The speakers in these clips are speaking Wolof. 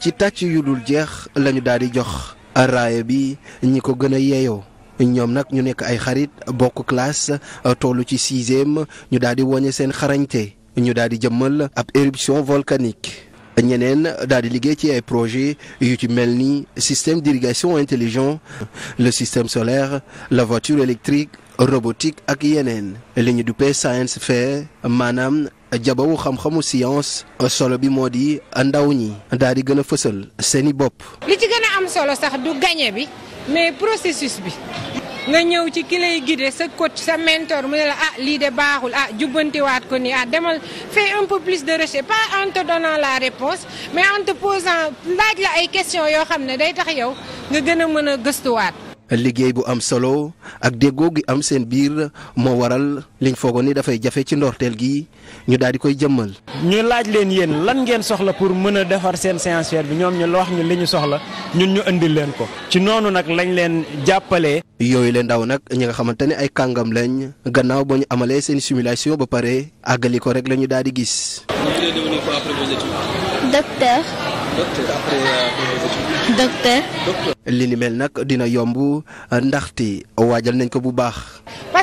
ci tàcc yu dul jeex lañu daal di jox raaya bi ñi ko gën a yeeyoo ñoom nag ñu nekk ay xarit bokk classe tollu ci sixième ñu daal di woñe seen xarañte ñu daal di jëmmal ab éruption volcanique ñeneen daal di liggéey ci ay projet yu ci mel ni système d'irrigation intelligent le système solaire la voiture électrique robotique ak yeneen li ñu duppee science fair maanaam jabawu xam-xamu science solo bi moo di ndaw ñi daal di gën a fësal seeni bopp. li ci gën a am solo sax du gañe bi mais processus bi. nga ñëw ci ki lay sa coach sa mentor mu ne la ah lii de baaxul ah jubbantiwaat ko ni ah demal fais un plus de recherche pas en te donnant la réponse mais en posant laaj la ay questions yoo xam ne day tax yow nga gën a gëstuwaat. liggéey bu am solo ak déggoo gi am seen biir moo waral liñ foogoon ni dafay jafe ci ndorteel gi ñu daal di koy jëmmal. ñu laaj leen yéen lan ngeen soxla pour mën a defar seen séance fair bi ñoom ñu wax ñu li ñu soxla ñun ñu indil leen ko ci noonu nag lañ leen jàppalee. yooyu leen ndaw nag ñi nga xamante ne ay kàngam lañ gannaaw ba ñu amalee seen simulation ba pare àggali ko rek la ñu daal di gis. docteur. docteur après mel nag dina yomb ndaxte waajal nañ ko bu baax.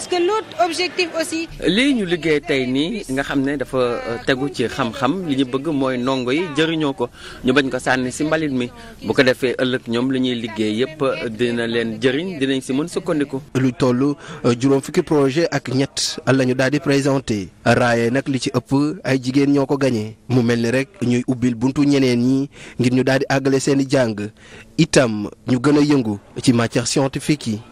parce lii ñu liggéey tey nii nga xam ne dafa euh, tegu ci xam-xam li ñu bëgg mooy ndongo yi jëriñoo ko ñu bañ ko sànni si mbalit mi bu ko defee ëllëg ñoom li ñuy liggéey yépp euh, dina leen jëriñ dinañ si mën sukkandiku. lu toll euh, juróom fukki projet ak ñett lañu ñu daal di présenté raaya nag li ci ëpp ay jigéen ñoo ko gañe mu mel ni rek ñuy ubbil buntu ñeneen ñi ngir ñu daal di àggale seen i jàng itam ñu gën a yëngu ci matière scientifique yi.